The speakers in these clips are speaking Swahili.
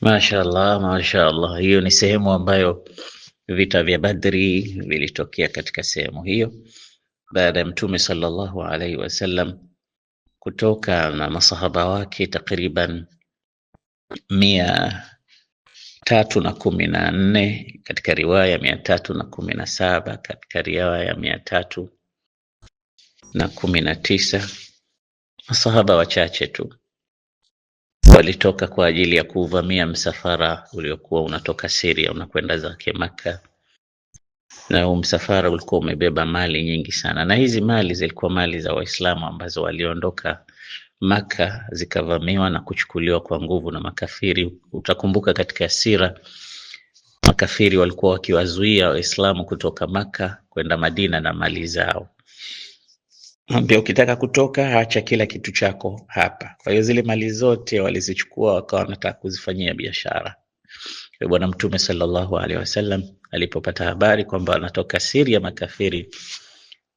Mashaallah, mashaallah, hiyo ni sehemu ambayo vita vya Badri vilitokea katika sehemu hiyo, baada ya Mtume sallallahu alaihi wasallam kutoka na masahaba wake takriban mia tatu na kumi na nne katika riwaya mia tatu na kumi na saba katika riwaya mia tatu na kumi na tisa masahaba wachache tu walitoka kwa ajili ya kuvamia msafara uliokuwa unatoka Syria unakwenda zake Maka, na huu msafara ulikuwa umebeba mali nyingi sana, na hizi mali zilikuwa mali za Waislamu ambazo waliondoka Maka zikavamiwa na kuchukuliwa kwa nguvu na makafiri. Utakumbuka katika sira makafiri walikuwa wakiwazuia Waislamu kutoka Maka kwenda Madina na mali zao. Mwambia ukitaka kutoka acha kila kitu chako hapa. Kwa hiyo zile mali zote walizichukua wakawa wanataka kuzifanyia biashara. Bwana Mtume sallallahu alaihi wasallam alipopata habari kwamba anatoka Siria makafiri,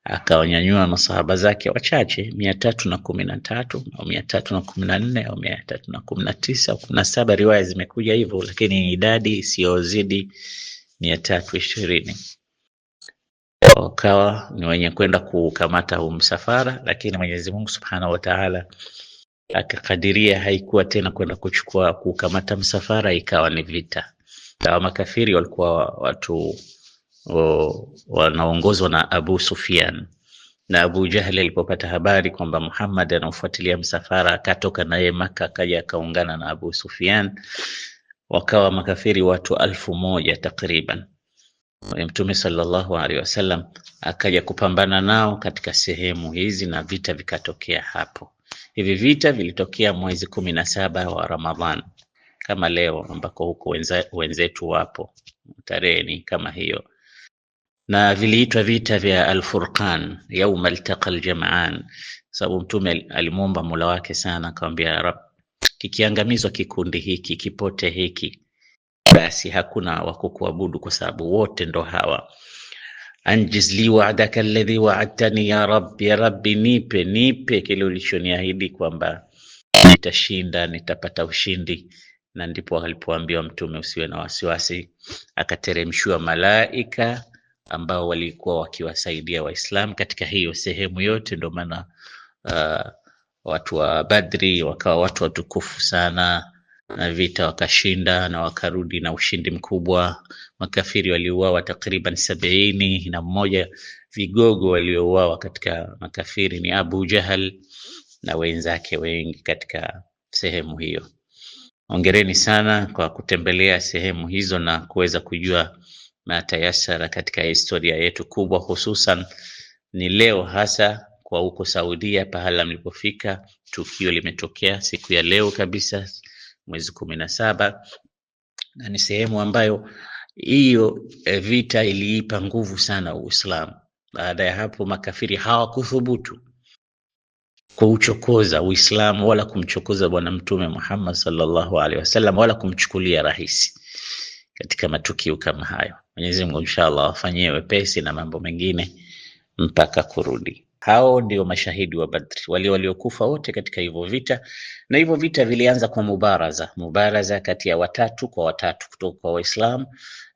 akawanyanyua masahaba zake wachache mia tatu na kumi na tatu au mia tatu na kumi na nne au mia tatu na kumi na tisa au kumi na saba riwaya zimekuja hivyo, lakini idadi isiyozidi mia tatu ishirini wakawa ni wenye kwenda kukamata huu msafara, lakini Mwenyezi Mungu Subhanahu wa Ta'ala akakadiria haikuwa tena kwenda kuchukua kukamata msafara, ikawa ni vita. Na makafiri walikuwa watu wanaongozwa na Abu Sufyan, na Abu Jahli alipopata habari kwamba Muhammad anaofuatilia msafara, akatoka naye Maka akaja akaungana na Abu Sufyan, wakawa makafiri watu alfu moja takriban Mtume sallallahu alaihi wasallam akaja kupambana nao katika sehemu hizi na vita vikatokea hapo. Hivi vita vilitokea mwezi kumi na saba wa Ramadhan kama leo, ambako huko wenzetu wapo, tarehe ni kama hiyo, na viliitwa vita vya Alfurqan, yauma altaqa aljamaan, sababu Mtume alimwomba Mola wake sana, akamwambia, Rab, kikiangamizwa kikundi hiki kipote hiki basi hakuna wa kukuabudu kwa sababu wote ndo hawa. Anjiz li wa'daka alladhi wa'adtani ya rabbi, ya rabbi, nipe nipe kile ulichoniahidi kwamba nitashinda nitapata ushindi. Na ndipo alipoambiwa Mtume, usiwe na wasiwasi, akateremshiwa malaika ambao walikuwa wakiwasaidia Waislamu katika hiyo sehemu yote. Ndio maana uh, watu wa Badri wakawa watu watukufu sana na vita wakashinda na wakarudi na ushindi mkubwa. Makafiri waliuawa takriban sabiini na mmoja. Vigogo waliouawa katika makafiri ni Abu Jahal na wenzake wengi katika sehemu hiyo. Hongereni sana kwa kutembelea sehemu hizo na kuweza kujua matayasara katika historia yetu kubwa, hususan ni leo hasa kwa huko Saudia, pahala mlipofika tukio limetokea siku ya leo kabisa mwezi kumi na saba na ni sehemu ambayo hiyo eh, vita iliipa nguvu sana Uislamu. Baada ya hapo, makafiri hawakuthubutu kuuchokoza Uislamu wala kumchokoza Bwana Mtume Muhammad sallallahu alaihi wasallam wala kumchukulia rahisi katika matukio kama hayo. Mwenyezi Mungu inshallah wafanyie wepesi na mambo mengine mpaka kurudi. Hao ndio mashahidi wa Badri, wale waliokufa wote katika hivyo vita, na hivyo vita vilianza kwa mubaraza, mubaraza kati ya watatu kwa watatu kutoka kwa Waislamu,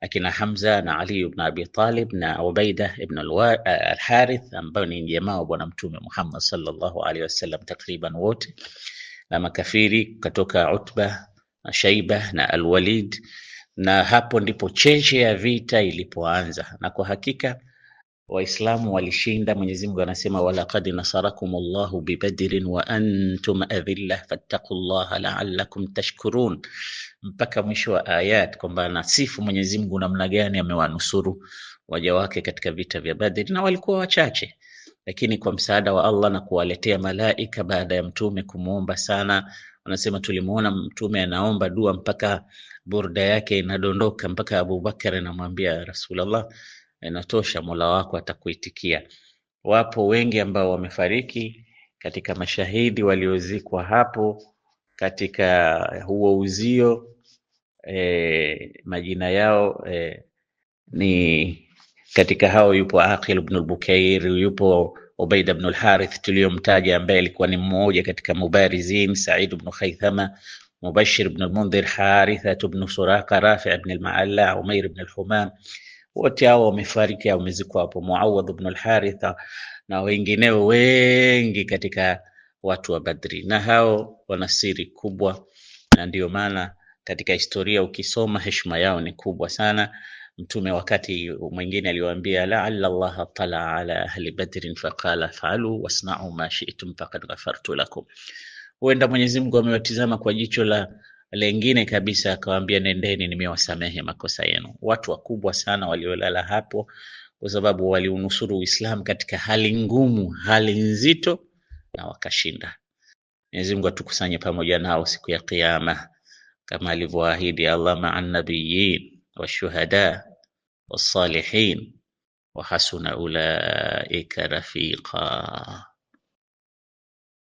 akina Hamza na Ali ibn Abi Talib na Ubaida ibn eh, al-Harith, ambao ni jamaa wa bwana Mtume Muhammad sallallahu alaihi wasallam takriban wote, na makafiri kutoka Utba na Shaiba na Al-Walid, na hapo ndipo cheche ya vita ilipoanza, na kwa hakika Waislamu walishinda. Mwenyezi Mungu anasema walaqad nasarakum llahu bibadrin wa antum adhilla fattaqullaha la'allakum tashkurun, mpaka mwisho wa ayat, kwamba anasifu Mwenyezi Mungu namna gani amewanusuru waja wake katika vita vya Badri, na walikuwa wachache, lakini kwa msaada wa Allah na kuwaletea malaika baada ya mtume kumwomba sana. Anasema tulimuona mtume anaomba dua mpaka burda yake inadondoka, mpaka Abubakar anamwambia Rasulullah inatosha, Mola wako atakuitikia. Wapo wengi ambao wamefariki katika mashahidi waliozikwa hapo katika eh, huo uzio e, majina yao e, ni katika hao yupo Aqil ibn al-Bukair, yupo Ubaida ibn al-Harith tuliyomtaja, ambaye alikuwa ni mmoja katika mubarizin, Said ibn Khaythama, Mubashir ibn al-Mundhir, Haritha ibn Suraqa, Rafi' ibn al-Ma'alla, Umair ibn al-Humam wote hao wamefariki au wamezikwa hapo, Muawadh ibn al-Haritha na wengineo wengi katika watu wa Badri, na hao wana siri kubwa, na ndio maana katika historia ukisoma heshima yao ni kubwa sana. Mtume wakati mwingine aliwaambia, laala Allah tala ala ahli badrin faqala faalu wasnau ma shi'tum faqad ghafartu lakum, huenda Mwenyezi Mungu amewatizama kwa jicho la lengine kabisa akawaambia, nendeni, nimewasamehe makosa yenu. Watu wakubwa sana waliolala hapo, kwa sababu waliunusuru Uislamu katika hali ngumu, hali nzito, na wakashinda. Mwenyezi Mungu atukusanye pamoja nao siku ya Kiyama, kama alivyoahidi Allah, maa nabiyin washuhada wasalihin wa hasuna ulaika rafiqa.